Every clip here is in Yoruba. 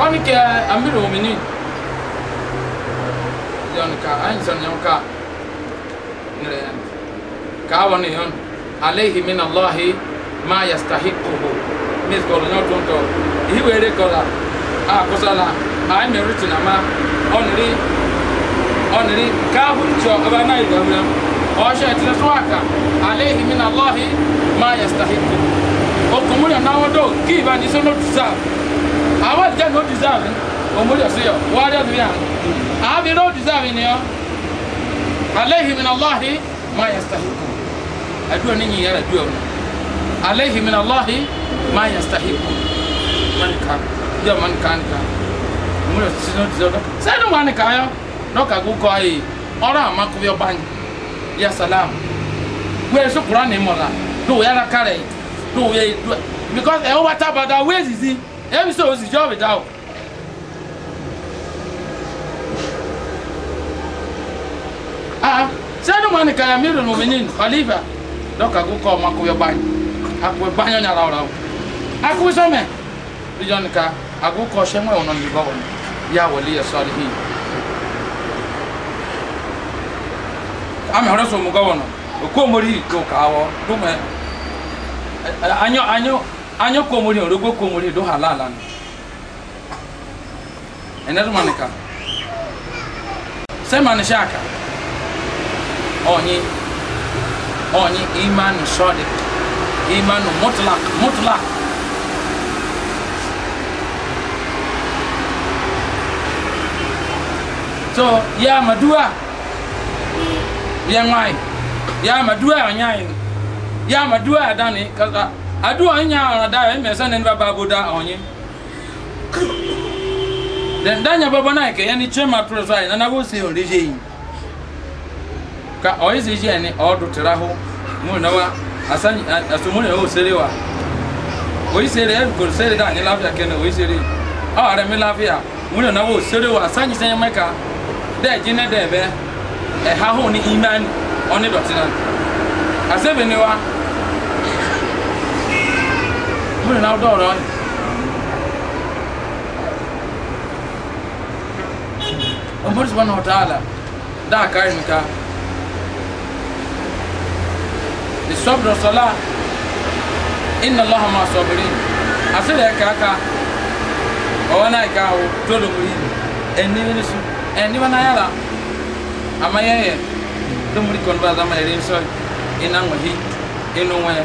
wani kɛ amiri omini yɔn ka anyi sɔn yɔn ka nire yɛn kaa wɔ ne yɔn alehi min allahi ma yastahi kuhu miss kɔlɔ nyɔ tɔn tɔ ihi wɛrɛ kɔla a kɔsala a yi mɛri tina ma ɔniri ɔniri kaa hun tɔ ɔba n'a yi dɔn na ɔsɛ tina sɔ a kan alehi min allahi ma yastahi kuhu o kumuli na wɔdɔ kii ba nisɔn n'o tu sa. I want àwọn ìjẹ́ ní ó deserve òmùdí ọ̀sẹ̀ yọ wọ́n rí ọdún yà àbí ló deserve ni ọ aléhi mi lọ́láhi má yẹ sàhìkù àdúrà ní yìnyín rẹ̀ dúró aléhi mi lọ́láhi má yẹ sàhìkù mọ́nìkà yọ yo nìkan òmùdí ọ̀sẹ̀ ní ó deserve sẹ́ni wọn nìkan yọ lọ́kà gbókò ayé ọ̀rọ̀ àmàkùbí ọba yà sàlámù wẹ́ẹ́ sọ kúránì mọ̀lá lówó yàrá kárẹ̀ lówó yẹ because ẹ̀ wọ́n bá tábàdà wẹ́ẹ́ zìzì ebi ah, sọ osi jọ bita o aa sẹni mo ni kaya miiru ni ominin oliva dọka kó kọ ọmọ akọwé báyìí akọwé báyìí ọnyà rà ọrà o akọwé sọmẹ rijọ nìka akọwé kọ ọsẹ mọ ẹwọn ní ìbá wọn yà wọlé yẹ sọrí hìn àmì ọrẹ sọ mu gọwọnọ òkú òmòrì yìí tó kàá wọ dùnmẹ anyọ anyọ anyo komori orogo komori do halala ni ene do manika se manisha aka onyi onyi iman sodi iman mutlaq mutlaq so ya madua ya ngai ya madua anyai ya madua Dani, kaza adu eh, onye ahụ da ba babu da onye den danya na ke yani chema na nabo se orije yi ka oize je ni odu tiraho mu na wa asani asumu ne o sere wa o e ko eh, sere da ni lafia ke na o a re mi lafia mu na wo sere wa asani se meka de jine de be e ha ho ni iman oni dotina asebe ni wa bìnrin náà dọ̀rọ̀ ni. ọmọdé sọ náà ọ̀tá àlà dáa kárí nìka ìsọ̀bìrọ̀ sọlá iná lọ́hà máa sọ̀bìrì àṣírí ẹ̀ka aka ọwọ́ náà ìka o tó lòmù yìí ẹni bí nísú ẹni bí náà yàrá àmọ́ yẹ́yẹ́ lómùrí kan bá a dá máa yẹrẹ ń sọ iná wọ̀nyí inú wọ̀nyí.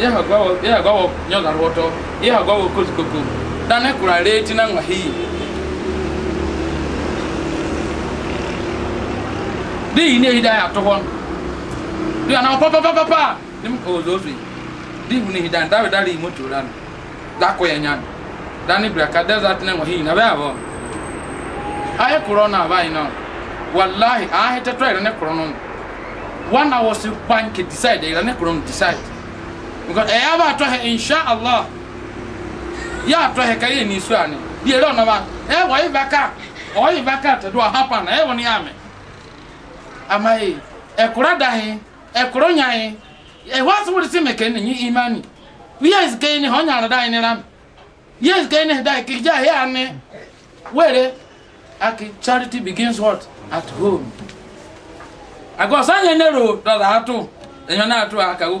yagwawo nyogara woto yagwawo kozikoko dane kura reti na ngwahi di ne hidaya to hon di ana papa papa papa dim di ne oh, dawe dali moto ran ya nyan dani braka desert na ngwahi na ba bo aye kuro na ba ina wallahi ahe tetwa ne kuro no one hour bank decide ne kuro decide because ɛyà bá tɔ allah inshallah yà hɛ k'ayé ní ɛ tɛ do ni yà ama yi ɛkura da yi ɛkura nya yi ɛwɔ asopɔ de si mɛ ne nyi imani yɛ esi yi ni hɔn nyara da yi ni ram yɛ esi yi ni da yi kija yɛ ani wɛrɛ ahụ charity begins na ato akago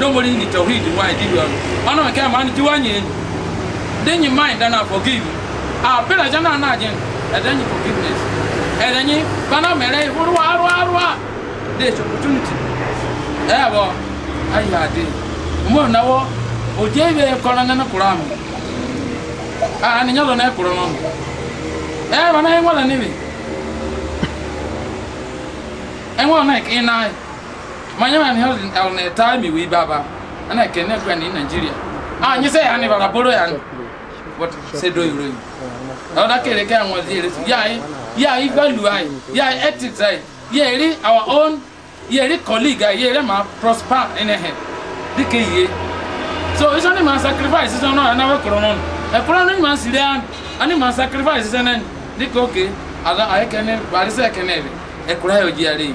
nobody in the tawhid why did you ono ka man ti wanye then you mind and forgive ah pela jana na jen and then you forgiveness and then you bana mere huru aru aru this opportunity eh ya de na wo o je be ko na na ah na manyama ni hali alne time we baba ana kenya kwa ni Nigeria ah nyise yani baba boro yani what say do you really oh that kele kaya mwazi ile ya ya ivalu ai ya ethics ai ya ile our own ya ile colleague ai ya ile ma prosper in a head dike ye so it's only man sacrifice is no na we krono e krono ni man sire ani man sacrifice is enen dike okay ala ai e kene barise e kene e, e kura yo jiare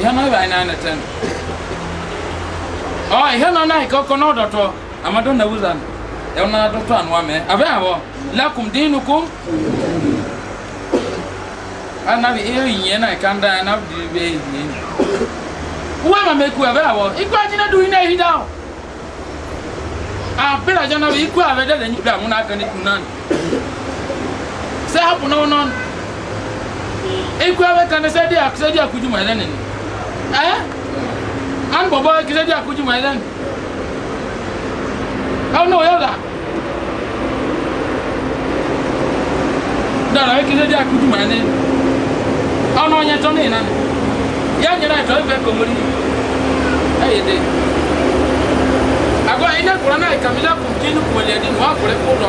ihe oh, na ebe na-anete ọ ihe na anaghị ka ọkọ amado na wuzan ẹwọn na dọtọ anuwa mẹ abẹ awọ lakum dinukum anabi ihe yìnyẹn náà ẹka ndan be di bẹ yìnyẹn wúwa abe eku abẹ awọ ikú ajínigbé dùn yín náà èyí dá o abẹ́rẹ́ àjọ náà ikú abẹ dẹ́lẹ̀ yín bí àwọn náà kan ikú náà sẹ́hàpù náà wọ́n náà ikú abẹ kan sẹ́dí àkújùmọ̀ ẹlẹ́nìí. eh an nye e e e kise di akuju mai den oh no yola dara kise di akuju nye den oh no na ya nyera to ife ko muri eh de agora ina kurana ikamila kumtinu kumweledi wa kule kudo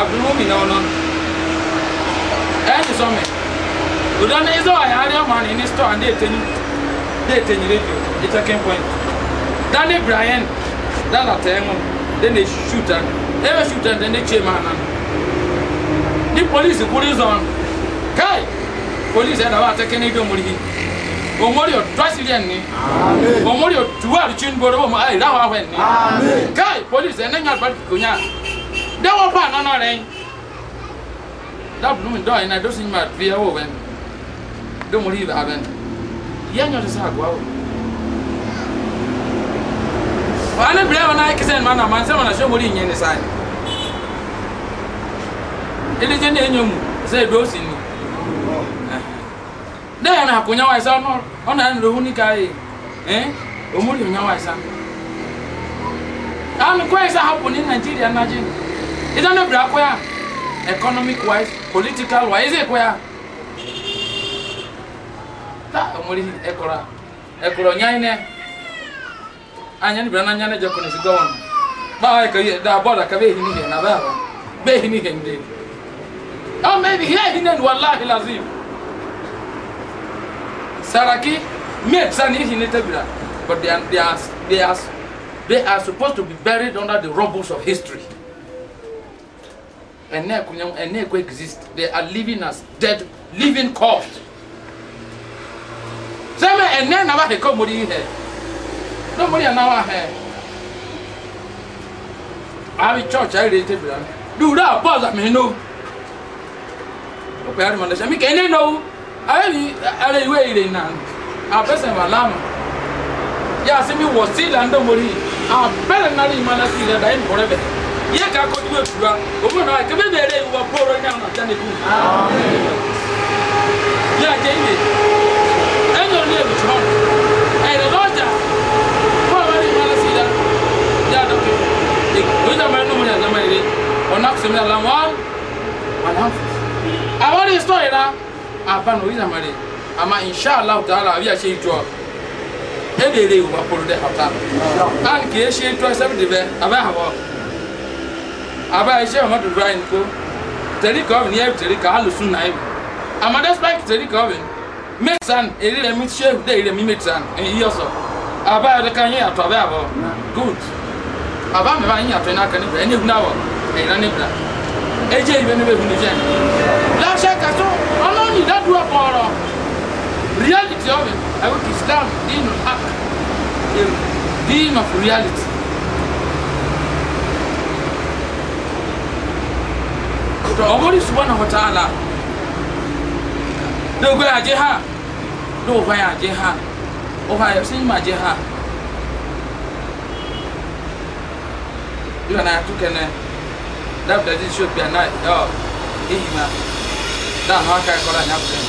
abdulmumi na ọ̀nà ẹni sọmi ọdọni ẹzọ ayé ariama ni ní store ndé ètè ndé ètè nyere bi ní checking point dani brian dana tẹ ẹmu dana shooter ẹbẹ shooter dana kye mu anan ní polisi kúrú zọn káì polisi ẹ̀dá wa atẹ́kẹ́ ní ibi omori yìí omori ọ̀dọ́sílẹ̀ ni omori ọ̀dùwà àdùchí ń bọ̀ ọ́ ọ́ ayé ráhùn ahọ́ ẹ̀ ní káì polisi ẹ̀ ní nyàgbá kò dɛwɔ pa nɔnɔ rɛ dabulu mi dɔɔ yina dosi ma fiyɛ wo bɛ domori bɛ a bɛ yɛ nyɔ sisan agoa wo wa ale bila wana ayi kisɛ ma na ma se ma na se mori nyɛ ne sa ye ele jɛ ne nyɔ mu sɛ do si nu dɛ yɛn akonya wa sa ɔnɔ ɔnɔ yɛn lohu ni ka ye ɛn omori nya wa sa anu kɔ yi sa hapo ni nigeria na je ịza na not akwa ya economic wise political wise is ịza ekwa ya taa is ekora ekora onyaine anya ni bira na anya na jekọ n'esi gọvanọ gbaa ka ihe daa bọọda ka beehi n'ihe na baa beehi n'ihe ndị ọ mebi ihe ehi na wallahi lazim saraki mates and ihe n'ete bira but they are, they are, they are, they are supposed to be buried under the rubbles of history and Neko exist. They are living as dead, living corpse. Same and then never they come with here. Nobody now our hair. I have church, I read it. Do that, boss, I mean, no. Okay, I'm going to make any no. I read waiting now. A person of alarm. Yeah, see me was still under Mori. I'm better not in Manasila than forever yɛ ka kɔ duma tura o mu na kɛmɛ bɛ yɛrɛ wa bɔrɔ ɲa na jani dun yɛ a jɛn de ɛ ɲɔ ne yɛ bi tuma ɛ yɛrɛ lɔ ja fɔ a ma ni ma la si la yɛ a dɔ kɛ o yɛ dama yɛ n'o mu yɛ dama yɛ de o n'a sɛmɛ la wa a n'a fɔ a wari sɔ yɛ la a ba n'o yɛ dama de a ma inshallah taala a bɛ yɛ se jɔ e de yɛrɛ wa bɔrɔ de a ta se tɔ sɛbɛn aba ise Muhammadu Ibrahim ko tẹ̀ríkà ọ̀bìn yẹ́ tẹ̀ríkà alùsùn náà yìí àmọ́ despite tẹ̀ríkà ọ̀bìn mẹ́tàn èrè rẹ̀ mi ṣe dé èrè mi mẹ́tàn èyí ọ̀sọ̀ àbá ẹ̀rẹ́ ká yín àtọ̀ abẹ́ àbọ̀ good àbá mi bá yín àtọ̀ iná kan níbẹ̀ ẹni ìbúná wọ̀ ẹ̀yìnrán níbẹ̀ ẹjẹ́ ìbẹ́ níbẹ̀ ìbúná jẹ́ láṣẹ kàtó ọlọ́run ìdádúró ọ̀pọ̀ ọ̀rọ̀ reality ọ̀bìn ẹ̀wọ̀n Islam dín of reality ọmọdé subahana wa ta'ala ní ogun àjẹ ha ní òhwa yà àjẹ ha òhwa yà sẹ́yìn mà àjẹ ha bí wọn àtú kẹnẹ dábìlẹ̀ dín sọ́ọ̀bì àná ọ̀ èyí ma dáhùn wọn ká ẹ̀kọ́ láyé àpẹẹrẹ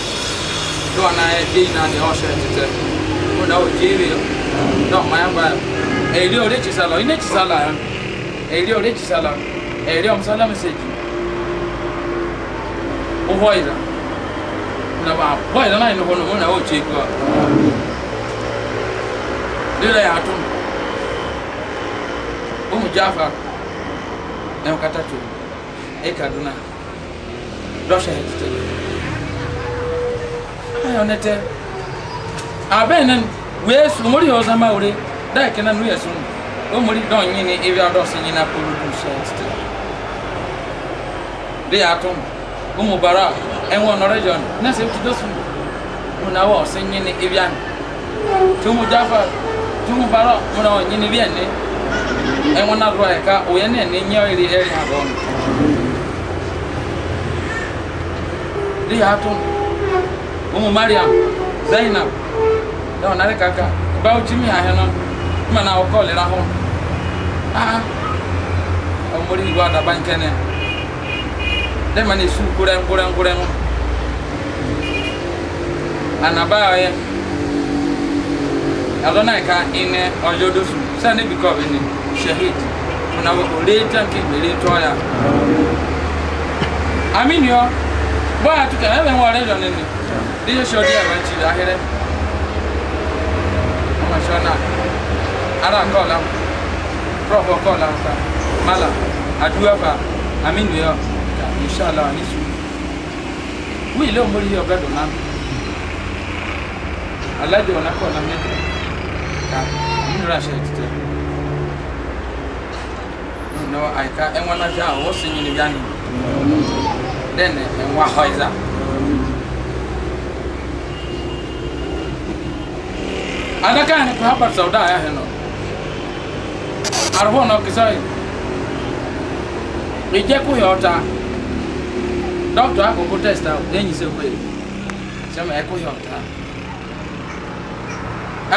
bí wọn àyẹ déyìn náà ní ọ̀ṣọ́ ẹ̀ tẹ̀tẹ̀ wọn náà ò jẹ́ èrè náà ọ̀ máa ń bá ẹ̀ ẹ̀rí ọ̀rẹ́ jìsà lọ iná jìsà lọ ẹ̀rí ọ̀rẹ́ jìsà lọ ẹ̀rí ọ̀mùsálàmùsẹ̀jì uhoira na ba hoira na ino hono na oche kwa dira ya tun umu jafa na kata tu e kaduna russia hesitate ayo nete abenen wesu muri hoza maure da kenan wesu omori don yini ebi adọsi yina polu du sẹ ti de atom umu bara ɛwɔ nɔrɔ jɔn na sɛ ti dɔsu muna wɔ ɔsɛ nyini ebian tumu jafa tumu bara muna wɔ nyini bian ne ɛwɔ na rɔ ɛka oyɛ ne ne nyɛ ɔyiri ɛri ha gɔn di ha tun umu mariam zainab dɔw nare kaka bawo jimi ahɛ nɔ kuma na ɔkɔ lera hɔn aa ɔmori yi wa daba nkɛnɛ dɛma ne su kurɛn kurɛn kurɛn anabaa yɛ ɛlɔ na ɛka ine ɔyɛ do su sɛ ne bi kɔ ɔbɛ ne shahid na ɔlɛ tanki gbɛlɛ tɔ ya aminiɔ bɔ atukɛ ɛbɛ wɔ ɔlɛ yɔ ne ne de yɛ sɔ de ɛbɛ ti ahɛrɛ ɔmɔ sɔ na ara kɔ la prɔfɔ kɔ la mala aduaba aminiɔ insha Allah ni su wi le omori yi ọbẹ dona alaji ọna kọ na mi ka mi nira ṣe titẹ nọ àyíká ẹwọn náà ṣá ọwọ sí yìnyín yá ni dẹ́n ẹwọn ahọ ẹ̀dá. adaka yẹn kò habar sauda ayá hẹ nọ arúgbó náà kìsọ́ yìí ìjẹ́kù yọ̀ ọ́ta. dọkịta ahụ testa test ahụ enyizekwa ya sema ekụghị ọta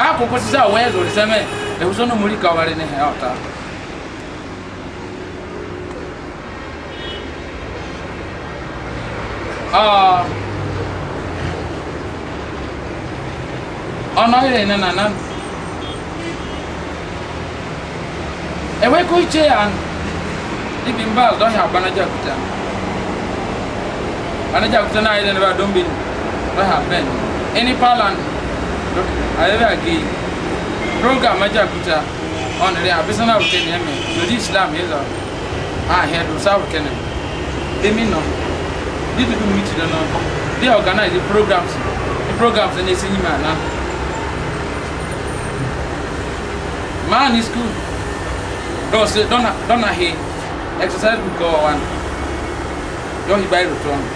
akụkụ sisi awụ ya zụrụ seme ewuso na omuri kawara na ihe ọta ọnụ ọhịrị na na na ewekọ iche ya dibimba dọhịa agbanajakụta ana ja kuta na ile ne ba don bin ba ha ben any palan ayere agi program ma ja kuta on re abisa na ute ne me no di islam ye za ah he do sa ute ne emi no di du du miti no they organize the programs the programs and they say nyima na man is cool don't say don't don't he exercise go one don't he buy return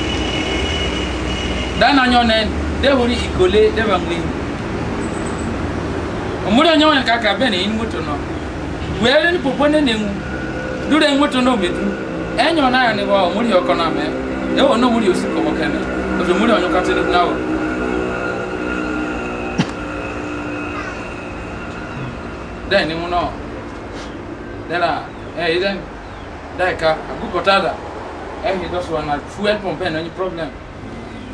dana nyone dehuri ikole deba ngwe omuri nyone kaka bene in muto no wele ni popone ne ngu dure muto no metu enyo eh, na ya ne wa omuri okona me e wo no muri osiko bokene ozo muri onyo katene nawo dai ni muno dela eh iden dai ka akupotada eh ndo so na fuel pompe eh, no ni problem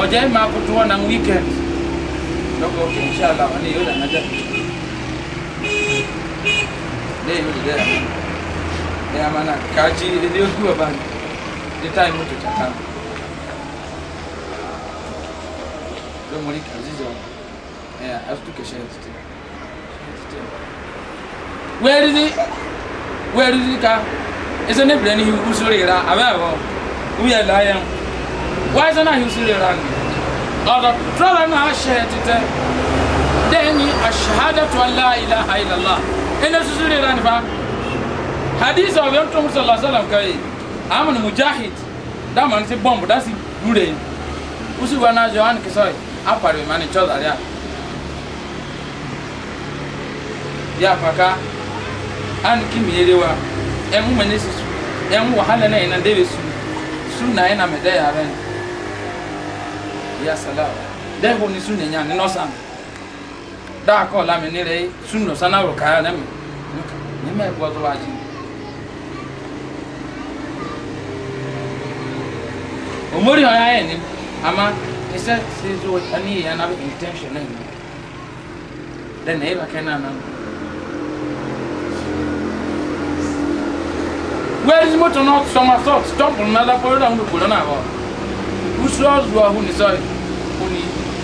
ọjẹ́ máa kutu wọn na weekend lọ́kọ̀ òkè ìṣàlá wọn ni yóò dà nájà lẹ́yìn mi lè dẹ́ kaji àmà nà kájí ilé ojú ọba ni ní táìmù tó tàkà lọ́mọdé kàzízọ ẹ̀ àtúntò kẹsẹ̀ ẹ̀ títí wẹ́ẹ́rì ni wẹ́ẹ́rì ni ká ẹsẹ̀ níbìrẹ́ ni ihu sórí ra àbẹ́ àbọ̀ wúyẹ̀ láyẹ̀ ń wáyé sẹ́nà àhínsílẹ̀ rà ní ọ̀dọ̀ tọ́lá náà ṣe títẹ́ dẹ́ni aṣahadatu aláìlá àìlàlá ẹni sísílẹ̀ rà ní Allah. hadith ọ̀bẹ tó ń sọ̀lá sọ̀lá kẹ́yì amúnú mujahid dáàmà ní sí bọ́ǹbù dá sí dúre ó sì wá náà bomb. wọn kì sọ́ọ̀ apàrọ̀ ìmọ̀ ní chọ́ọ̀lá rẹ̀ yà pàkà án kí mìíràn wa ẹ̀ ń mọ̀ ní sísun ẹ̀ ń wàhálà náà ẹ̀ na dẹ́wẹ̀ sùn sùn náà na mẹ̀dẹ́ yàrá ẹ̀ ya salam dai ho ni sunne nya ni no sam da ko la me ni re sunno sana ro ka na me omori ho ya ni ama isa se zo ani ya na be intention na eh? ni then e ba kana na Where is motor not some sort? Stop another for them to put on our. Who saw who is sorry?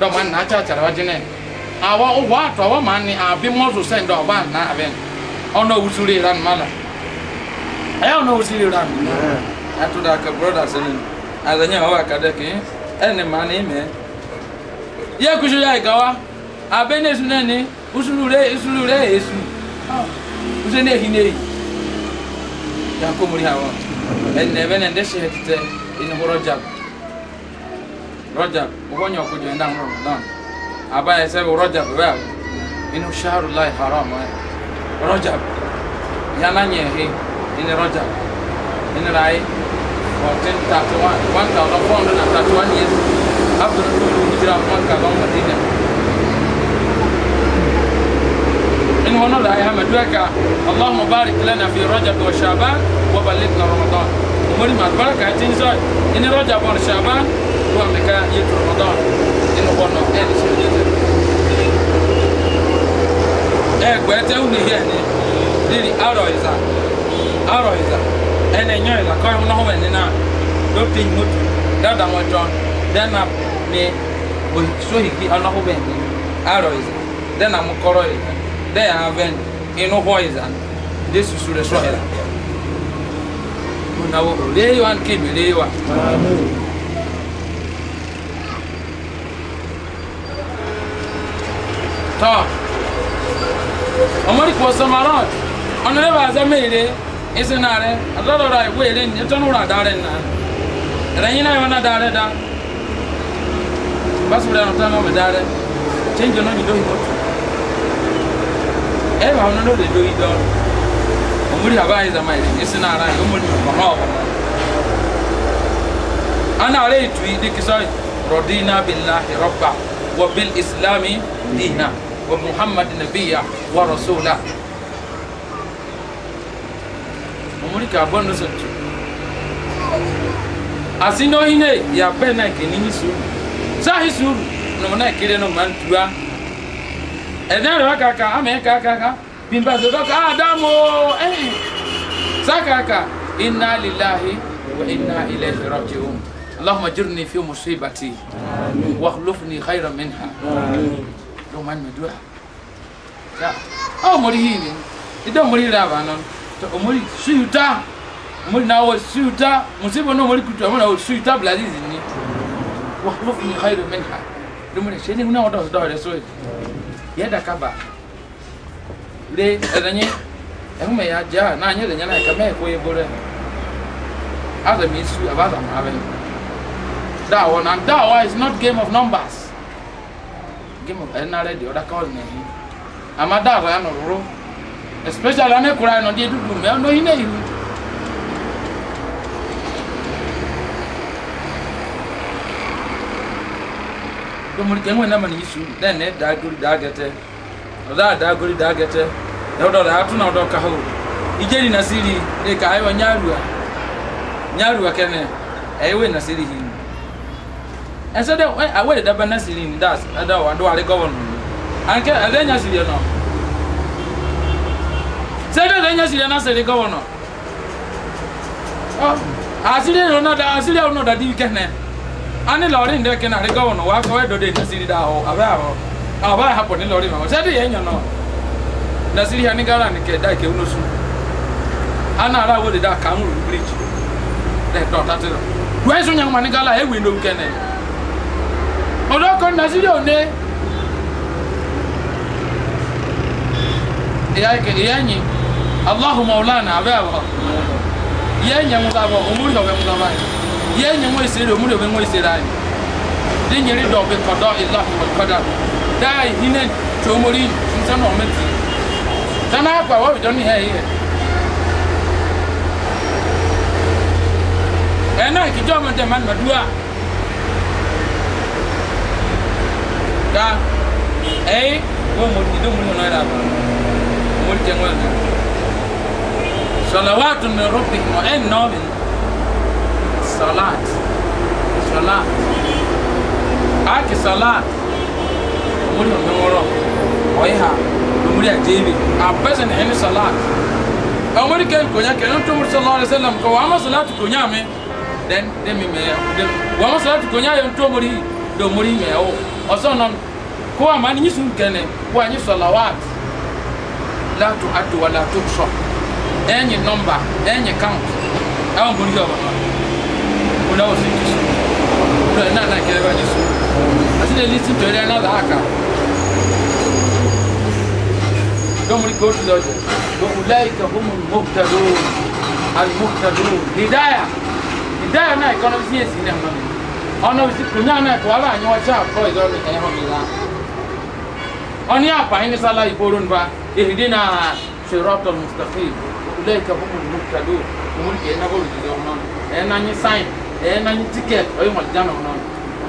dɔw ma na kyerɛ kyerɛ ɔgye ne awɔ wɔ atɔ wɔ ma ne abi mɔso sɛn dɔ ɔba na abɛ ɔno wusiri ra no mala ɛyɛ ɔno wusiri ra no ɛto da ka broda sɛ ne adanya ɔwɔ akadɛ ke ɛne ma ne mɛ yɛ kusu yɛ ikawa abɛ ne su ne ne usuru re usuru re esu usu ne ehi ne yi yakomori awɔ ɛnɛ bɛ ne ndɛ hyɛ tete ɛne hɔrɔ gya rọjà owó nyọ kó jẹun dáhùn rọmọdán àbáyé sẹbi rọjà bẹbẹ àwọn inú sàrù láì haram ẹ rọjà yánà nyẹ he ẹni rọjà ẹni ra ayé fourteen thirty one one thousand four hundred and thirty one years after the two hijra one kazan madina إن ونرى يا مدركة اللهم بارك لنا في رجب وشعبان وبلغنا رمضان ومرمى البركة تنزل ini roja bon shaban wa meka yetu ramadan ini bono eni shi yetu e gwete uni hene diri aro iza aro iza ene nyo iza ko no ho ene na do pin mutu dada mo jon then na me bo so hiki ono ho ben aro iza then na mo koro iza then aven inu ho iza desu sure so iza nawo uleyo an kibelewa tɔ ɔmɔdi kò sɔmɔlɔ ɔnulɛ b'a zɛ meere isinare adɔdɔdɔ ayi weere ni etɔnu wura daare na ɛrɛnyina yɔ na daare da basubira yɔ tɔn mɔmɛ daare tsenjɔ n'oyin do yi mɔtu ɛyɛ b'a wɔn n'o de do yi dɔɔni muri abaye zama isina ran ko muri kono ana ale tui dikisa rodina billahi rabba wa bil islami dina wa muhammad nabiyya wa rasula muri ka bondo so tu asino hine ya bena kenini suru sahi suru no na kire no mantua edan ra kaka ame kaka kaka bimba sọ dọ́kà ádámù ẹ̀yìn sákàkà iná líláhi wà iná ilẹ̀ ìrọ̀jì òun اللهم اجرني في مصيبتي واخلفني خيرا منها لو ما ندوا يا او مريين idan muri da ba nan to muri suyuta muri na wa suyuta musibo no muri kutu amana wa suyuta blazizi ni wa khulufni khairu minha dumuri sheni una wada da da so ya kaba le ɛdɛnyɛ ɛhoma yɛ agya a na anyɛ dɛnyɛ na ɛkama ɛkɔ yɛ bɔrɛ aza mi su abaza ma abɛ daa wɔ na daa wɔ is not game of numbers game of ɛnara deɛ ɔdaka wɔ na yi ama daa wɔ yɛ no roro especially ɔne kura yɛ no deɛ dudu mɛ ɔno yi na yi domori kɛnwe na ma su dɛn ne daa duri da da gori da gete da do da na do ka ho ijeri na siri e ka ayo nyarua nyarua kene ewe na siri hin and so that I waited up and that's in that I don't a to go on and can I then you see you know say that then oh I na siri know aba hapo ni lori mama sadi yenyo no nasiri hani gara ni ke dai ke unosu ana ara wo de da kan bridge de to ta tiro we so nyang mani gala e we no kene odo ko nasiri one ya ke yanyi allah maulana abawa yenye mudabo umuri hobe mudabo yenye mwesere umuri hobe mwesere ayi dinyiri dobe kodo illahi wal qadar daa hinen tomori nsan wɔn ti sanni akpa wɔbi dɔn ni hɛ yɛ ɛnna kìjɔ ɔmɔ dɛm anuma dua ka ɛyi wɔn mo ti dɔn mo ni wɔn ayɛ la mo ti tɛ ŋɔ ɛna sɔlɔwaatu mi rɔbi mo ɛn nɔɔbi sɔlaat sɔlaat aki sɔlaat. omori ɔmɛ na ɛni salat omori kɛ ọrụ kɛ ɛni ọrụ sallallahu alaihi wasallam ọrụ ọrụ ọrụ salat konya mi dɛn dɛn mi mɛ ọrụ ọrụ ọrụ salat konya yɛ ọrụ ọrụ ọrụ mɛ o ọrụ nɔn ko a ma ni kɛnɛ ko a salawat wa sɔ nɔmba domri go to the wa ulaika humul muhtadun al muhtadun hidayah hidayah na ikono si esi na ma ni ono si kunya na ko aba anyo cha ko izo ni e ho mi la oni apa ni sala iborun ba ihdina siratal mustaqim ulaika humul muhtadun mun ke na go to the non e na ni sign e na ni ticket o yo mo jana non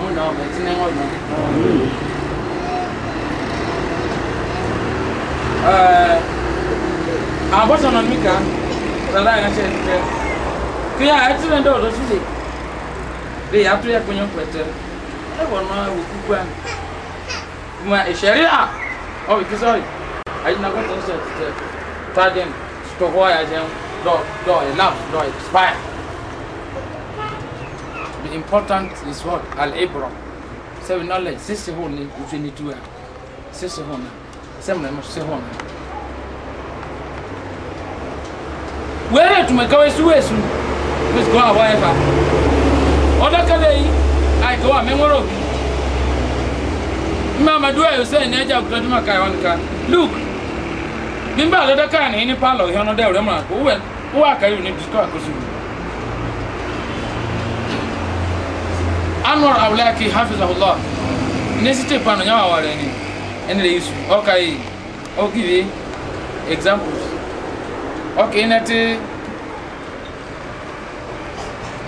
mo na o me tin na o no Eh, abɔtɔ na mi ka dada yɛn ahyɛ ɛtutɛ ke e e e a ɛte ne dɛ ɔdɔ so de de yato yɛ kɔnyɔ pɛtɛ ɛwɔ no wɔ kuku a kuma ehyɛre a ɔbi kisɛ ɔyi agyina kɔtɔ sɛ ɛtutɛ tadɛn sotɔ hɔ a yɛahyɛ dɔ dɔ ɛnaf dɔ expire the important is what al ibro sɛ we knowledge sisi hɔ ne nfin ni tuwa sisi hɔ na sɛm na ɛma hyɛ hɔ no wɛrɛ tumaka wɛ su wɛ su wɛ su kɔ a wɔyɛ fa ɔdaka dɛ yi ayi kɔ a mɛmɔrɔ bi mmaa amadu ayɔ sɛ ɛnɛ agya akuta duma kaa wɔn ka luke bí n bá àlọ́ dẹ́ka ní ní pálọ̀ ìhẹ́ ọ̀nà dẹ́rẹ́ mọ̀ àkó wẹ̀ ó wà kárí òní anwar abdulaki hafiz abdullah ní sítẹ̀ panu yàrá wà ni ɛna Okay. yusu ɔka yi ɔgi bi examples ɔka yi nɛte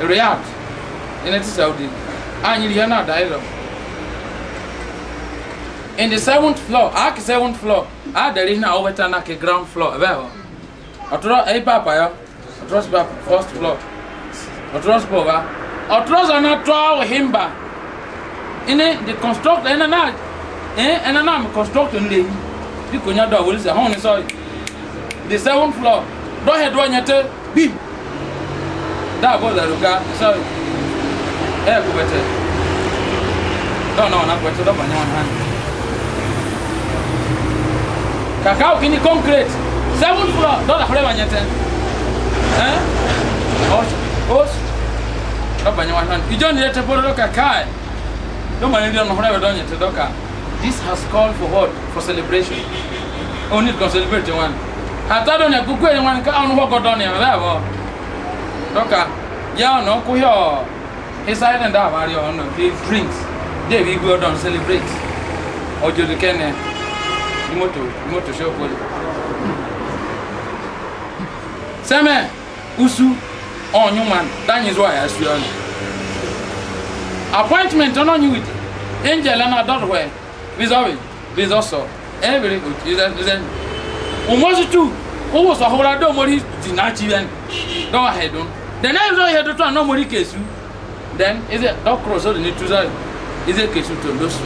riyadh nɛte saudi anyiri yɛ naa da yi in the seventh floor aaki ah, seventh floor aadari na ɔbɛta na ke ground floor ɛbɛ hɔ eh, ɔtɔrɔ ɛyi paapa yɔ ɔtɔrɔ si paapa first floor ɔtɔrɔ si paapa ɔtɔrɔ sɔ himba. tɔ the construct ɛnɛ eh, naa eh ɛna eh, naa mi construct n leyi bi ko nya dɔ wuli sɛ hɔn ni the seven floor dɔ hɛ dɔ nyɛ tɛ bim daa bɔ zɛlu ka sɔ ɛ ko bɛ tɛ dɔw na wana bɛtɛ dɔw ba nya wana kakao kini concrete seven floor dɔ la fɔlɔ ba nyɛ tɛ ɛn ɔs ɔs dɔw ba nya wana ijɔ ni yɛ tɛ bɔ dɔ ka kaa dɔw ma ni di yɛ nɔ fɔlɔ bɛ this has called for what for celebration only to celebrate the one atado nya gugu ene wan ka onu ho godo ne ra bo doka ya no ku yo his island da mari on the drinks they we go down celebrate ojo de kene ni moto ni moto show ko seme usu onyuman danyi zo ya su appointment on you angel and adot where bizawi bizɔsɔ ɛnbiri izɛ izɛ umɔsitu owó sɔhóra dɔw mori dinatsi bɛn dɔw ahɛdun dɛnɛ yi zɔ yɛdu tó Then is it dɛn cross dɔkuro sɔ dini tu zɔli izɛ kesu tó ndo su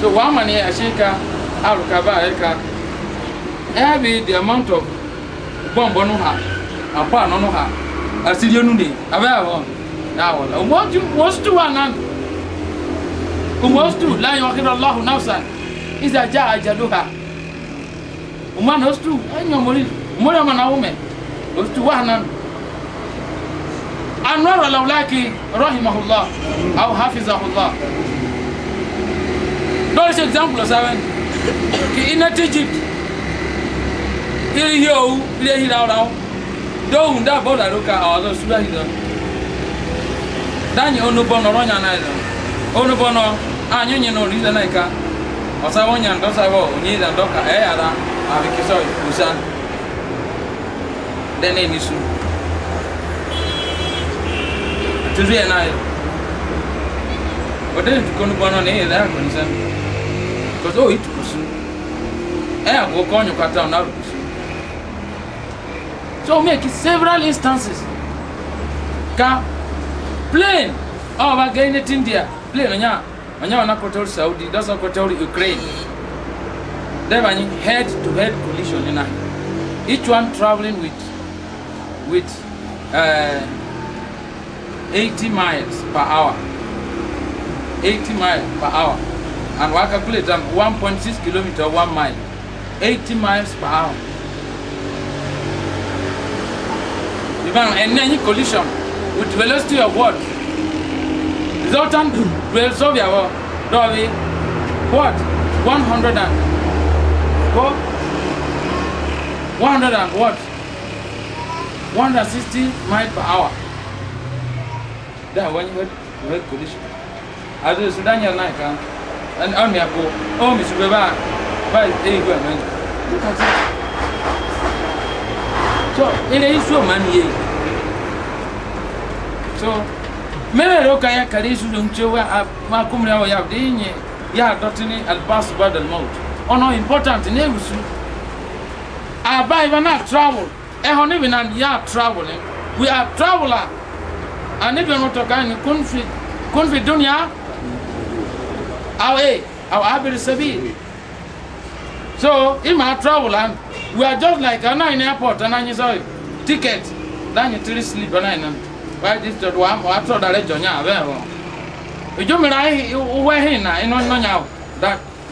so wàá mani ɛsɛ ka alukaba yɛ ka ɛbi the amount of bɔnbɔn nu ha apɔ anɔ nu ha asirienu de abɛ awɔ n'awɔ la umɔsitu umɔsitu wa nan umostu la yɔkirɔ lɔhu nafsan iza ja ajaduha umana ostu anyɔmori umori ɔmana awome ostu wahanan anwar alawlaki rahimahullah aw hafizahullah dɔw se example sɛbɛn ki ina egypt iri yowu iri ehira ɔraw dɔw nda bɔdaru ka ɔzɔ suba hidɔ danyi onubɔ nɔrɔ nyana yɛlɛ onu bono anyo nyino riza naika osawo nyan dosawo onyiza doka eyara abikiso kusan dene nisu tuzu ya nayo odene tukonu bono ne ila kunisan kozo oh, itukusu eya go konyo kata na kusu so make several instances ka plane oh ba gain it in there plane nya nya wana kotel Saudi dasa kotel Ukraine they were head to head collision ina each one traveling with with uh, 80 miles per hour 80 miles per hour and we calculate 1.6 kilometer one mile 80 miles per hour even any collision with velocity of what Zoltan Welsovia wɔ dɔɔbi what one hundred and what 100 and what 160 miles per hour da wɔnyi wɔ wɔ collision adi so daniel nine and ɛn ɔn yɛ ko ɔn mi sube ba ba eyi gu ɛmɛ look at it so ɛnna yi eh? so many. so mene ro kaya kare su don cewa ma kumra wa ya dinye ya dotini albas badal maut ono important ne busu aba iba na travel e ho ne bi na ya traveling eh. we are traveler ani bi moto kan ni kun fi kun fi dunya aw e eh, aw abir sabi so ima travel and eh. we are just like an airport and anyi so ticket dan you three sleep and anyi wáyé district wa one. tọ̀ dàrẹ́ jọ̀ nyà bẹ́ẹ̀ wọ̀ You mìíràn ayé wọ́ ẹ̀hìn nà iná now, nyà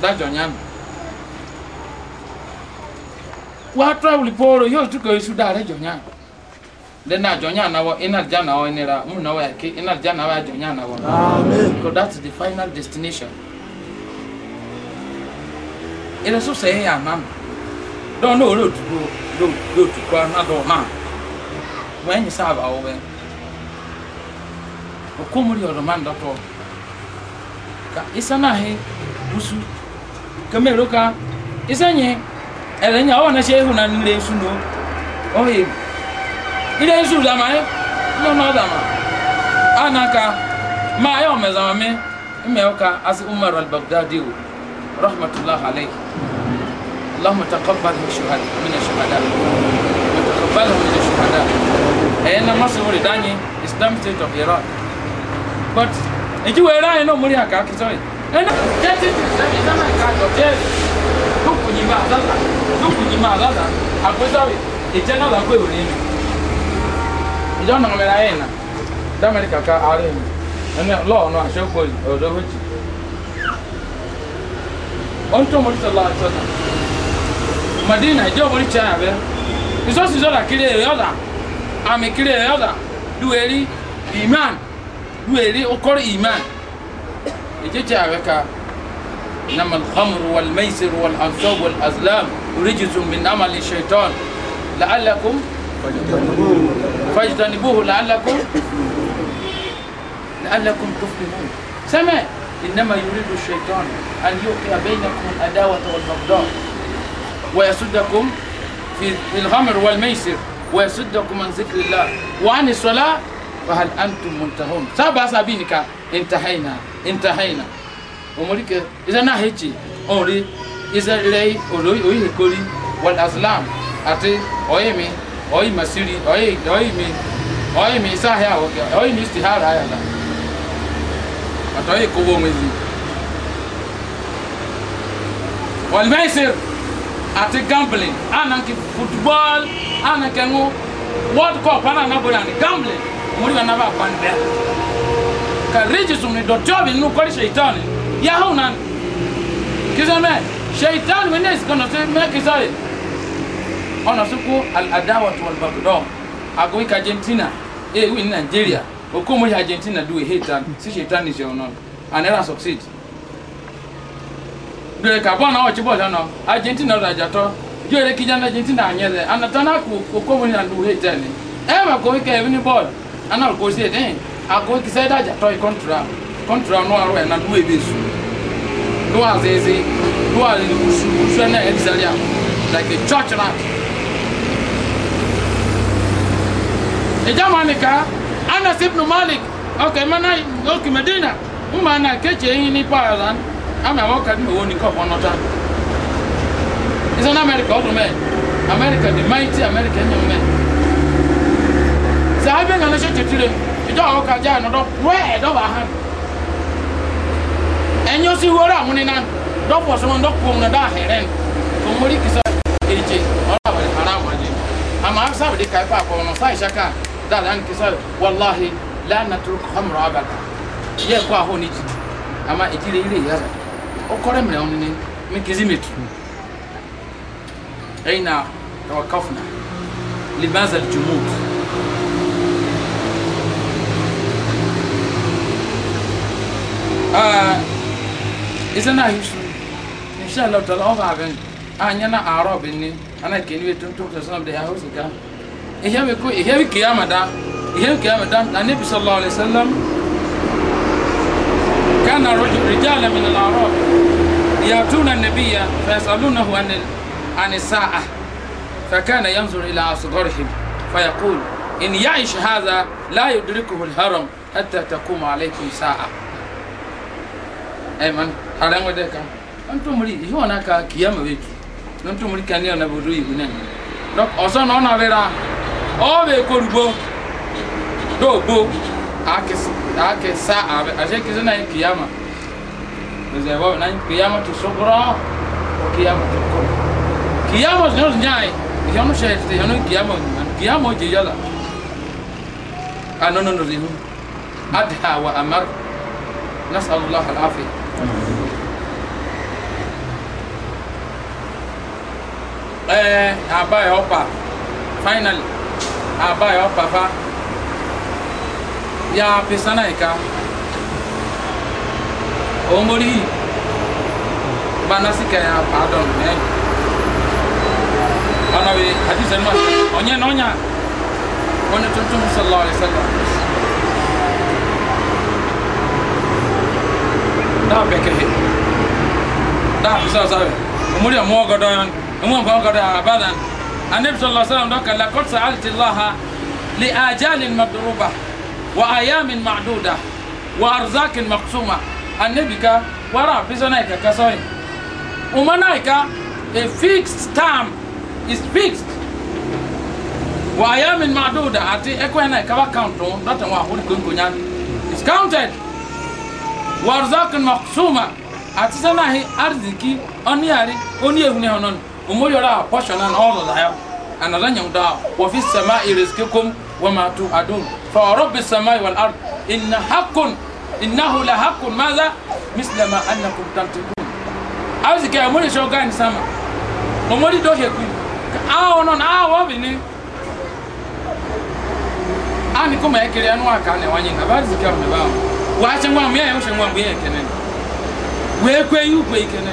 dá jọ̀ nyà mi. wa tọ̀ wùlì pòrò yóò tún go. esu dàrẹ́ jọ̀ nyà then na jọ̀ now. In iná jà náwọ̀ nira mú náwọ̀ yà ké iná jà náwọ̀ yà jọ̀ nyà náwọ̀. that's the final destination. It sọ sẹ́yìn yà nà mi dɔn n'o y'o tugu y'o tugu a na dɔn ma wɛn yi sá a b'a wɔ okomori ɔdɔman dɔtɔ ka isana he wusu kame roka isanye ɛlɛnya ɔwɔ na se ehu na nile esu no ɔhe nile esu dama he nɔnɔ dama anaka ma ayɛ ɔmɛzama mi mɛ ɔka ase umar al-baghdadi o rahmatulah alayhi اللهم تقبل من الشهداء من الشهداء وتقبله من الشهداء أين مصر ولداني Islam في of but èjì wẹ̀ ráyìn náà múrí àká kí sọ́yìn ẹnà jẹ́tí ti sẹ́mi sẹ́mi ìkájọ jẹ́rì lókùn yìí máa lọ́la lókùn yìí máa lọ́la àgbésọ́rì ìjẹ́ náà lọ́gbé òní mi ìjọ náà mẹ́ra ẹ̀ nà dámẹ́rì kàkà ààrẹ mi ẹni lọ́ọ̀ náà àṣẹ́kọ̀ọ́ ọ̀dọ́ méjì ohun tó mọ̀ nítorí lọ́wọ́ àtọ́nà madina ìjọ mọ̀ nítorí àbẹ́ ìsọ́sì sọ́dà kiri ẹ̀yọ́dà àmì kiri ẹ̀yọ́dà duwẹ́rí ìmáàmù ويري إيمان إنما الخمر والميسر والأنصاب والأزلام رجز من عمل الشيطان لعلكم فاجتنبوه لعلكم لعلكم تفلحون سمع إنما يريد الشيطان أن يوقي بينكم الأداوة والبغضاء ويسدكم في الخمر والميسر ويسدكم عن ذكر الله وعن الصلاة wahal antum muntahun saba sabi ni ka intahaina intahaina omorike iza na hechi onri iza rei oroi oyi kori wal azlam ati oyemi oyi masiri oyi oyemi oyemi sahya oyemi istihara ya da atoyi kubo mwezi wal maisir ati gambling ananki football anankengu world cup ananabulani gambling muri na ba kwan da ka rijisum ni dɔtɔ bi nu kɔri shaitan yahu nan kisa mɛ shaitan is ne sikɔnɔ se mɛ kisa ye ɔnɔ se ko al'adawa tuwal bagdɔ agoyi ka argentina e wi ni nigeria o ko muri argentina do e hate and si shaitan ni seun nɔn and never succeed dole ka bɔn na ɔtsi bɔl nɔ argentina ɔlɔ adzatɔ yóò yẹ kí jẹ́ argentina ànyẹ́ dɛ anatana kò kó wọnyí na do hate ɛ ni ɛ ma kò wí kẹ́ ɛ bi ana gosi ede ago kisa da ja toy kontra kontra no aro na du ebesu do azeze do ale usu usu na edizalia like a church na e ka nika anas ibn malik okay mana okay medina uma na keche yin ni pa ran ama wa ka mi woni ko bono ta is on america all men america the mighty american young men saa bɛ ŋana hyɛ titire ɛdɔ a ɔka gya no dɔ wɛ ɛdɔ ba ha ɛnyɛ si wɔrɔ a wɔn nan dɔ pɔ so dɔ pɔ mu na dɔ ahɛrɛ no kɔmori kisa ɛgye ɔrɔ a wɔde hara wɔn agye ama asa wɔde kae pa akɔ no saa ɛhyɛ kaa da lan kisa wallahi lan na turu kɔmɔrɔ abata yɛ kɔ ahɔ ne gyi ama ɛgyire yire yɛrɛ ɔkɔrɛ mmerɛ wɔn ne mi kisi mi tu ɛyina tawakafuna libanza jumuu. isa na yusu insha Allah ta lawa ba ben anya na arab ni ana ke ni tun tun ta the da ya hausa ka ihe be ko ihe be kiyama da ihe kiyama da annabi you alaihi wasallam كان رجل رجال من الأعراب يأتون النبي فيسألونه عن عن الساعة فكان ينظر إلى أصغرهم فيقول إن يعش هذا لا يدركه الهرم حتى تقوم عليكم ساعة eh man halango de ka onto muri ihe ona ka kiyama wetu onto muri kan ne ona bodo ibu ne dok oso no na rera o be korugbo do bo akes akesa abe aje kizo na kiyama Nze bo na kiyama to sobro kiyama to ko kiyama no nyai yo no sé yo no kiyama kiyama je yala ah no no no zihu adha wa amar نسأل الله العافية ɛɛ aba yɛ ɔpa finally aba yɛ ɔpa fa ya pesa na ika omori banasi kɛ ya pardon mɛ ɔnɔ bi hadi sɛ no ɔnyɛ n'ɔnya wɔn ni tuntum sallallahu alaihi daa bɛkɛ he daa bisa sabe umuri ya muwa godo yon umuri ya muwa godo abadan anabi sallallahu alaihi wasallam doka laqad sa'alti allaha li ajalin madruba wa ayamin ma'duda wa arzakin maqsuma anabi ka wara bisa na ka kasoi umana ka a fixed term is fixed wa ayamin ma'duda ati ekwe na ka wa count don dot wa hudi kun kunyan is counted warzakin maksuma àti sẹ́nà ahì arziki ọ́nìyàrí ọ́nì ehu ni ọ̀nà òmòrì ọ̀rọ̀ àpọ̀ṣọ̀ náà nà ọ̀lọ̀ láyà ànàdá nyẹ̀wò dáa wọ́fi sẹ́mà ìrèsíkè kóm wọ́n máa tu àdóhùn fọ ọ̀rọ̀ bí sẹ́mà ìwà àrùn ìnà hakùn ìnà hùlà hakùn máza mísìlẹ̀mà ànàkùn tàǹtìkùn. arziki òmòrì sọ gáà ní sàmà òmòrì dọ́hẹ̀kù àwọn ọ̀nà àwọn ọ̀bìnrin á ní kó máa kiri ẹnu àká ní wáyé ní abáàzìkì àmì wahyɛ nwa mmea yɛ wohyɛ nwa mmea yɛ kɛnɛ weekwe yi wokwe yi kɛnɛ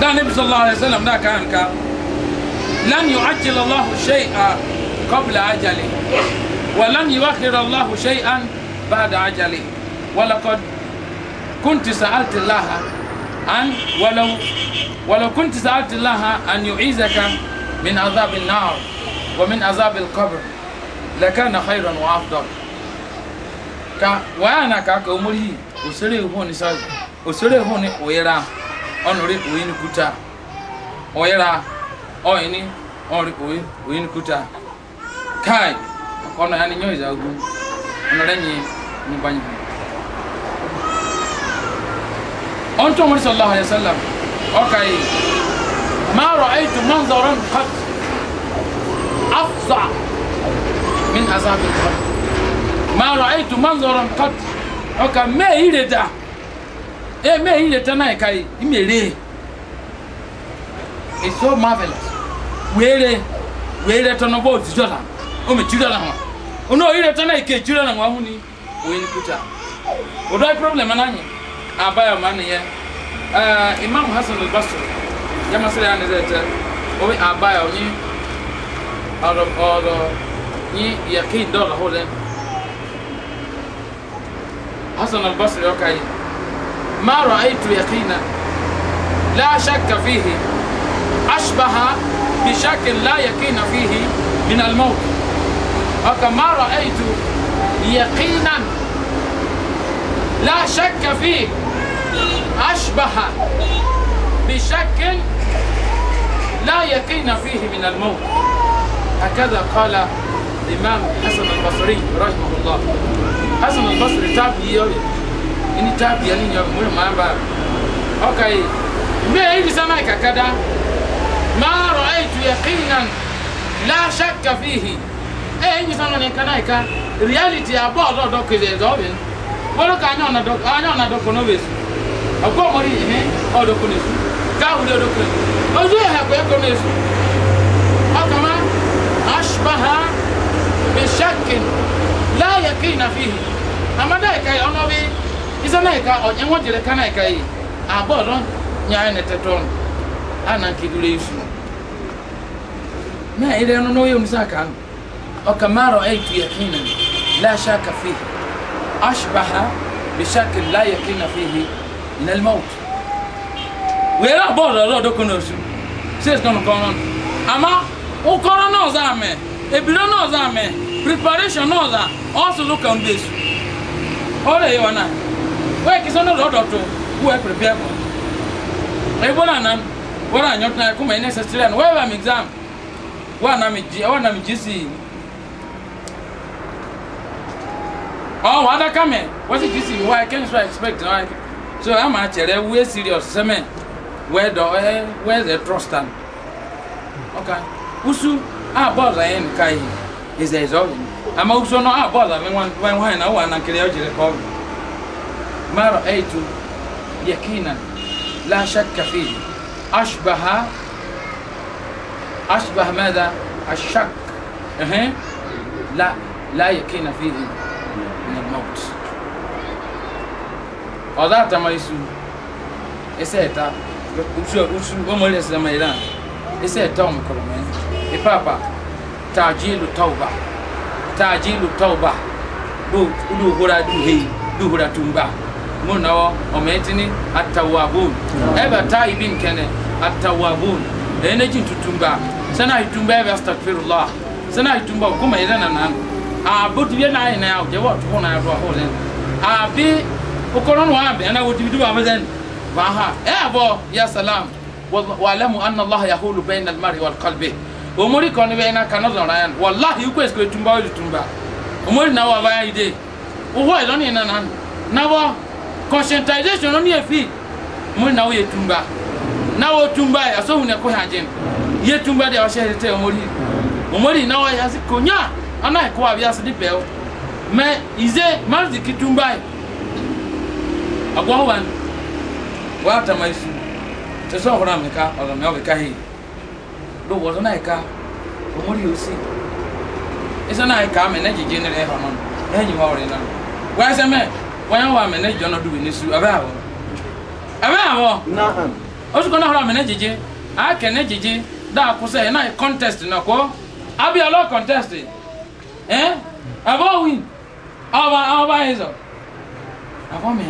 da ne bi sallallahu alaihi wasallam da kan ka lan yu'ajjil Allah shay'a qabla ajali wa lan yu'akhir Allah shay'an ba'da ajali wa laqad كنت سألت الله أن ولو ولو كنت سألت الله أن يعيذك من عذاب النار ومن عذاب القبر لكان خيرا وأفضل ka waa na ka ka omori osere ihu ni sa osere ihu ni oyera ọnuri oyin kuta oyera ọyini ọnuri oyin oyin kuta kai ọkọna ya ni nyọ ìjà ogun ọnọrẹ nyi ni banyi. ọ̀n tó omori sallallahu alayhi wa sallam ọkà yìí máa rọ̀ ẹ̀yìn tó máa ń zọrọ̀ nǹkan afza min azabi nǹkan ma ra'aytu manzaran qat oka me ire da e me ire ta na kai imere it's so marvelous were were to no bo tijo la o me tijo la ha ono ire ta na ke tijo na wa huni we ni kuta o do problem na nyi abaya man ye eh imam hasan al-basri yama sele an zete o abaya o ni aro aro ni yakin do la holen حسن البصري وكاي ما رأيت يقينا لا شك فيه أشبه بشك لا يقين فيه من الموت وكما رأيت يقينا لا شك فيه أشبه بشك لا يقين فيه من الموت هكذا قال الإمام حسن البصري رحمه الله حسن البصري تابي يولي إني تابي يولي يولي ما يبقى أوكي بيه إيدي سمايك كده ما رأيت يقينا لا شك فيه إيه إيدي سمايك كده reality abọ́ ọ̀dọ́ ọ̀dọ́ kejì ẹ̀dọ́ ọ̀bìn bọ́lọ́ ka anyọ́ ọ̀nà dọ́kọ̀ n'obesu ọ̀gbọ́n mọ́rí ìhín ọ̀dọ́kọ̀ n'esu gáwùlé ọ̀dọ́kọ̀ n'esu ojú ẹ̀hẹ̀kọ̀ ẹ̀kọ̀ n'esu bishaki láàyè kéyìn náà fi hì àmọ́ náà ẹ̀ka yìí ọ̀nà bí iṣẹ́ náà ẹ̀ka ọ̀nyẹ́ wọ́n jẹ̀rẹ̀ ká náà ẹ̀ka yìí àbọ̀ ọ̀dọ́ nyàá ẹ̀ tẹ̀tọ̀ nù àná kékeré yìí sùn náà ẹ̀rẹ́ ẹ̀nu náà ó yẹ mu sáà kàn ọ̀kà márọ̀ ẹ̀ tu yẹ kéyìn náà láṣà kàfé ashbaha bishaki láàyè kéyìn náà fi hì nílmọ́t wẹ́rẹ́ àbọ̀ ọ̀dọ́ ọ̀dọ́kùn náà sùn sí ẹ̀sìn náà kọ́ náà àmọ́ ó kọ́ náà náà zàmẹ́ èbìrẹ́ náà zàmẹ́ preparation náà la ọ̀sùn ló kàn bẹ́ẹ̀ sùn ọ̀rẹ́ yìí wọn náà wọ́n èkìsọ́ náà lọ́dọ̀ tó wú ẹ̀ prepare for ẹ̀bọ́n náà nàm wọ́n náà nyọ́tún náà kúmọ̀ ẹ̀ nẹ́sẹ̀ sílẹ̀ náà wọ́n mi exam wọ́n náà mi jí wọ́n náà mi jí sí i ọ̀ wọ́n adaka mẹ́ wọ́n sì jí sí i wọ́n I can't so expect náà I so ẹ̀ máa kyerẹ́ wúyẹ́ serious sẹ́mẹ̀ wẹ́ẹ́ dọ̀ ẹ̀ wẹ́ẹ́ zẹ̀ trust am ọ̀ka usu a bọ́ọ̀lù ayé nìka yìí is exhausted. I'm also not a bother when when when I want to clear the call. ما رأيت يقينا لا شك فيه أشبه أشبه ماذا الشك أه. لا لا يقين فيه من الموت ọ̀dàtà máa isu ẹsẹ̀ ẹ̀ta oṣù ọmọ ilẹ̀ ẹ̀sẹ̀ máa ìlànà ẹsẹ̀ ẹ̀ta ọmọkọ̀rọ̀ mẹ́rin ìpáàpáà tajilu tauba tajilu tauba du du hura du he du hura tumba mun nawo o metini atawabun mm. eba taibin kene atawabun ene jin tutumba sana itumba eba astaghfirullah sana itumba kuma ina nan a botu bi na ina ya je wa tu na ro ho len a bi ukono no ambe na wotu bi du amazen ba ha e abo ya salam wa alamu anna allah yahulu bayna al-mar'i wal qalbi omori ka ọnụ bịa na aka n'ụzọ na ya nọ wallahi ukwu esikwe tumba oyi tumba omori na wa baya ide ụgwọ ịlọ na ịna na na wọ conscientization ọnụ efi omori na wọ tumba na wọ tumba ya so hụ na ekwe ha jen ihe tumba dị ọsịa ete omori omori na wọ ya sị konya anaghị kụwa bịa sị dị pịa mɛ ize marzi ki tumba yi agwọ wa wa tama isu tẹsán ọhụrụ amịka ọzọ mẹ ọ do wɔdɔ na ɛka ɔmo de osi ɛsɛ na ɛka mɛ n'egyegye ne ɛhɔ no ɛnyi hɔ ɔre no wɔn ɛsɛ mɛ wɔn wa mɛ n'egyegye no do wɔ n'esu ɛbɛ awɔ ɛbɛ awɔ osu kɔ n'ahɔrɔ mɛ n'egyegye akɛ n'egyegye da ako sɛ ɛna contest na kɔ abi ɔlɔ contest ɛn ɛbɔ win ɔba ɔba yɛ zɔ ɛbɔ mɛ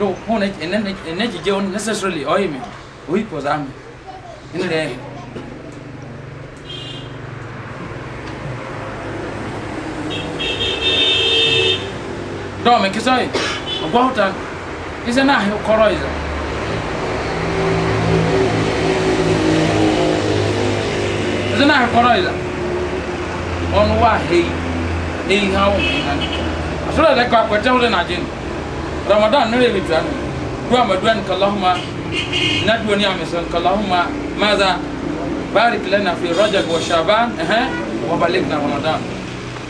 do wɔn ɛnɛ ɛnɛ ɛnɛ gyegye wɔn necessarily ɔyɛ mɛ. Uy, pues dame. Viene de ahí. Dome, ¿qué soy? Oguahuta. Dice nada, yo coro eso. Dice nada, yo coro eso. Onu wa hei. Hei ha wo ngani. Asura da ka kwete wo na jin. Ramadan ne le bitani. Duwa madwan kallahuma ندعو نعم سنك اللهم ماذا بارك لنا في رجب وشعبان أه. وبلغنا رمضان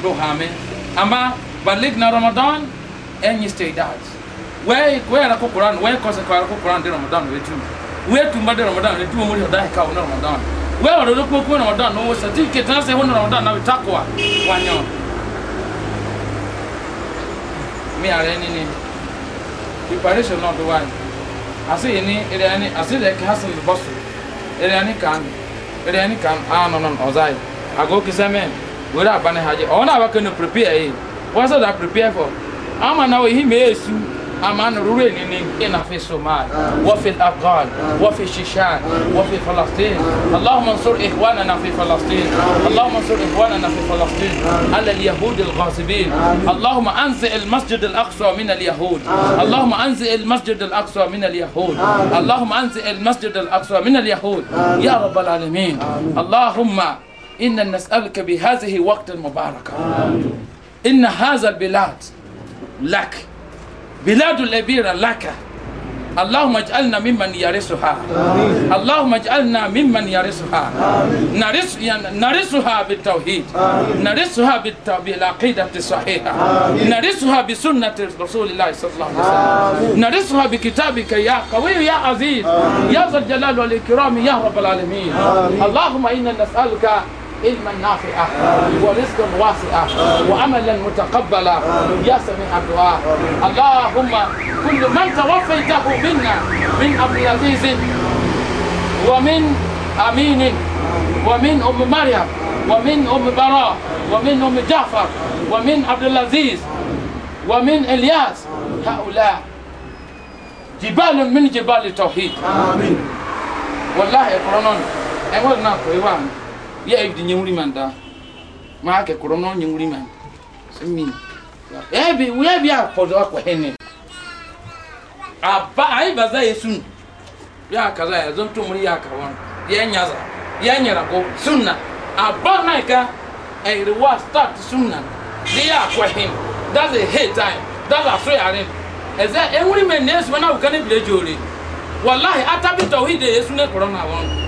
روح آمين أما بلغنا رمضان أن يستعداد وي وي راكو قران وي كوسا راكو قران دي رمضان ويتو ويتو مد رمضان ويتو مولي داي كاو رمضان وي ورو كو كو رمضان نو سيرتيفيكيت ناس هون رمضان ناوي تقوى وانيو mi are nini preparation not the one ase yi ni ere ani ase de ka hasan bɔsu ere ani kan ere ani kan a ah, nɔnɔ ɔzai ago kisɛ mɛ wɛrɛ abani hajj ɔwɔ na abaka no prepare yi wɔsɛ da prepare for ama na wo yi mɛ esu. أمان رورين إن في الصومال وفي الأفغان وفي الشيشان وفي فلسطين اللهم انصر إخواننا في فلسطين اللهم انصر إخواننا في فلسطين على اليهود الغاصبين اللهم انزل المسجد الأقصى من اليهود اللهم انزل المسجد الأقصى من اليهود اللهم انزل المسجد الأقصى من اليهود يا رب العالمين اللهم إنا نسألك بهذه وقت المباركة إن هذا البلاد لك بلاد الأبيرة لك اللهم اجعلنا ممن يرثها اللهم اجعلنا ممن يرثها نرث نرثها بالتوحيد نرثها بالعقيدة الصحيحة نرثها بسنة رسول الله صلى الله عليه وسلم نرثها بكتابك يا قوي يا عزيز يا ذا الجلال والإكرام يا رب العالمين اللهم إنا نسألك علما نافعا ورزقا واسعا وعملا متقبلا يا سميع الدعاء اللهم كل من توفيته منا من عبد العزيز ومن امين ومن ام مريم ومن ام براء ومن ام جعفر ومن عبد العزيز ومن الياس هؤلاء جبال من جبال التوحيد امين والله يقولون اقول نعم ايوان ya ebi nye nwuri man da ma ake kuro no nye nwuri man simi ebi we ebi apodo akwa hene aba ai baza yesu ya kaza ya zo to muri ya kawan ya nyaza ya nyara ko sunna aba na ka e rewa start sunna de ya akwa him that's a hate time that's a free are eze enwuri men yesu na ukane bilejo ore wallahi atabi tawhid yesu ne kuro na won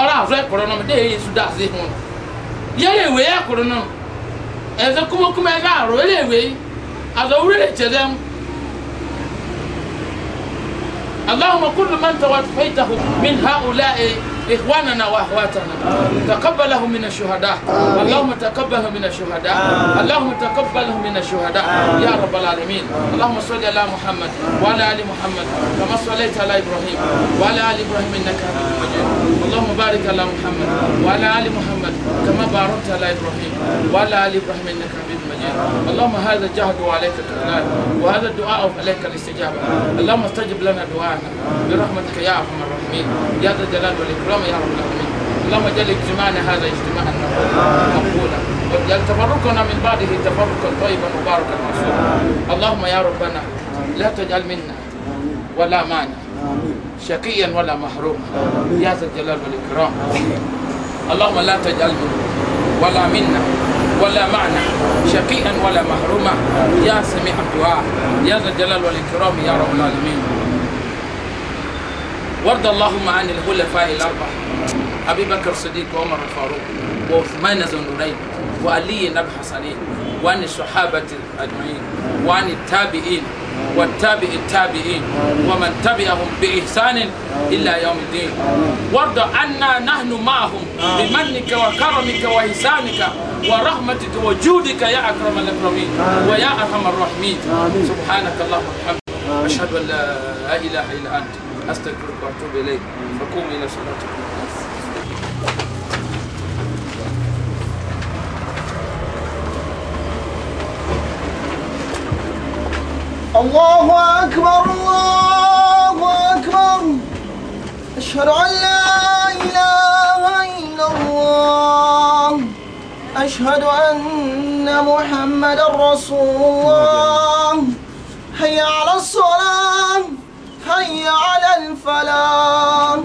ɔra azɔ ɛkɔrɔ nɔ de eyi suda ase ho yɛlɛ ewe ɛkɔrɔ nɔ ɛzɛ kumakuma ɛfɛ aro yɛlɛ ewe azɔ wuli le kyɛ dɛm alahuma kulu man tawafaytahu min haula'i إخواننا وأخواتنا تقبله من الشهداء اللهم تقبله من الشهداء اللهم تقبله من الشهداء يا رب العالمين اللهم صل على محمد وعلى آل محمد كما صليت على إبراهيم وعلى آل إبراهيم إنك حميد مجيد اللهم بارك على محمد وعلى آل محمد كما باركت على إبراهيم وعلى آل إبراهيم إنك حميد اللهم هذا الجهد وعليك الكلام وهذا الدعاء وعليك الاستجابة اللهم استجب لنا دعاءنا برحمتك يا أرحم الراحمين يا ذا الجلال والإكرام يا رب العالمين اللهم اجعل اجتماعنا هذا اجتماعا مقبولا واجعل تفرقنا من بعده تفرقا طيبا مباركا مرسولا اللهم يا ربنا لا تجعل منا ولا مانع شقيا ولا محروم يا ذا الجلال والإكرام اللهم لا تجعل منا ولا منا ولا معنى شقيئا ولا محروما يا سميع الدعاء يا ذا الجلال والإكرام يا رب العالمين وارض اللهم عن الخلفاء الأربعة أبي بكر الصديق وعمر الفاروق وعثمان ذو النورين وعلي بن حسنين وعن الصحابة أجمعين وعن التابعين والتابع التابعين ومن تبعهم بإحسان إلى يوم الدين وارض عنا نحن معهم بمنك وكرمك وإحسانك ورحمتك وجودك يا أكرم الأكرمين ويا أرحم الراحمين سبحانك اللهم وبحمدك أشهد أن لا إله إلا أنت أستغفرك وأتوب إليك فقوم إلى صلاتك الله أكبر الله أكبر أشهد أن لا أشهد أن محمدا رسول الله هيا على الصلاة هيا على الفلاح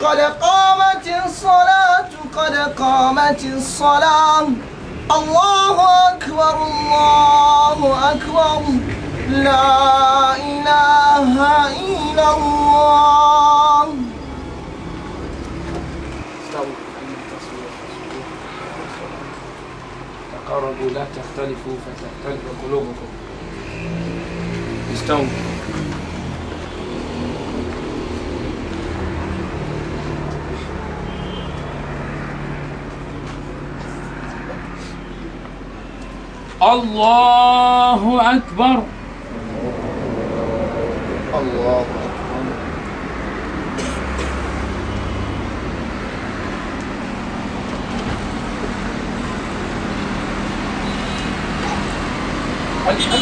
قد قامت الصلاة قد قامت الصلاة الله أكبر الله أكبر لا إله إلا الله لا تختلفوا فتختلف قلوبكم استوى الله أكبر الله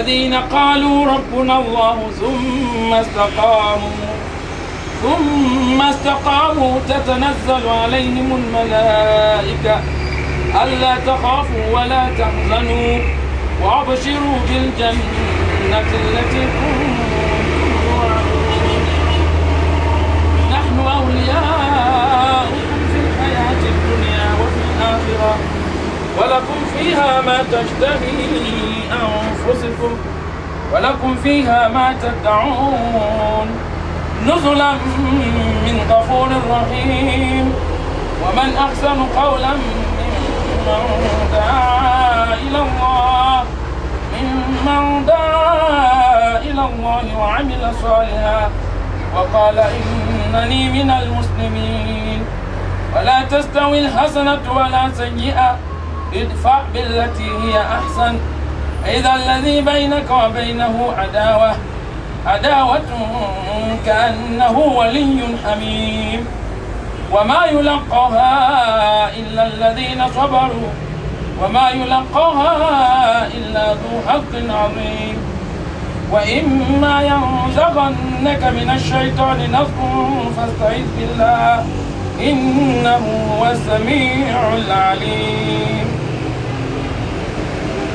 الذين قالوا ربنا الله ثم استقاموا ثم استقاموا تتنزل عليهم الملائكة ألا تخافوا ولا تحزنوا وأبشروا بالجنة التي كنتم نحن أولياؤكم في الحياة الدنيا وفي الآخرة ولكم فيها ما تشتهي أنفسكم ولكم فيها ما تدعون نزلا من غفور رحيم ومن أحسن قولا ممن دعا إلى الله ممن دعا إلى الله وعمل صالحا وقال إنني من المسلمين ولا تستوي الحسنة ولا سيئة ادفع بالتي هي أحسن إذا الذي بينك وبينه عداوة عداوة كأنه ولي حميم وما يلقاها إلا الذين صبروا وما يلقاها إلا ذو حق عظيم وإما ينزغنك من الشيطان نصر فاستعذ بالله إنه هو السميع العليم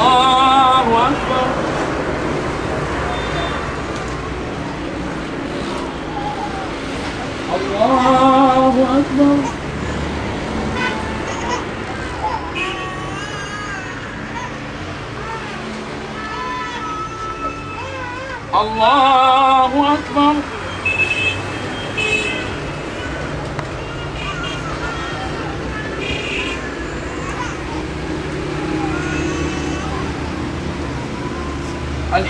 Oh.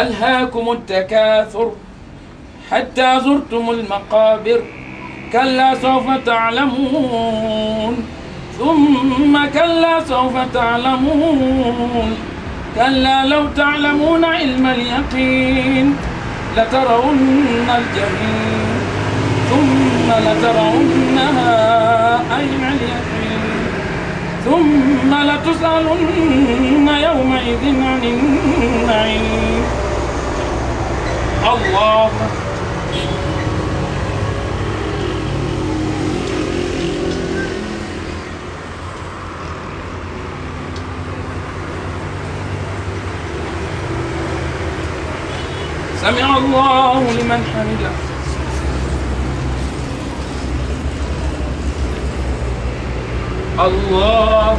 ألهاكم التكاثر حتى زرتم المقابر كلا سوف تعلمون ثم كلا سوف تعلمون كلا لو تعلمون علم اليقين لترون الجحيم ثم لترونها عين اليقين ثم لتسألن يومئذ عن النعيم الله سمع الله لمن حمده الله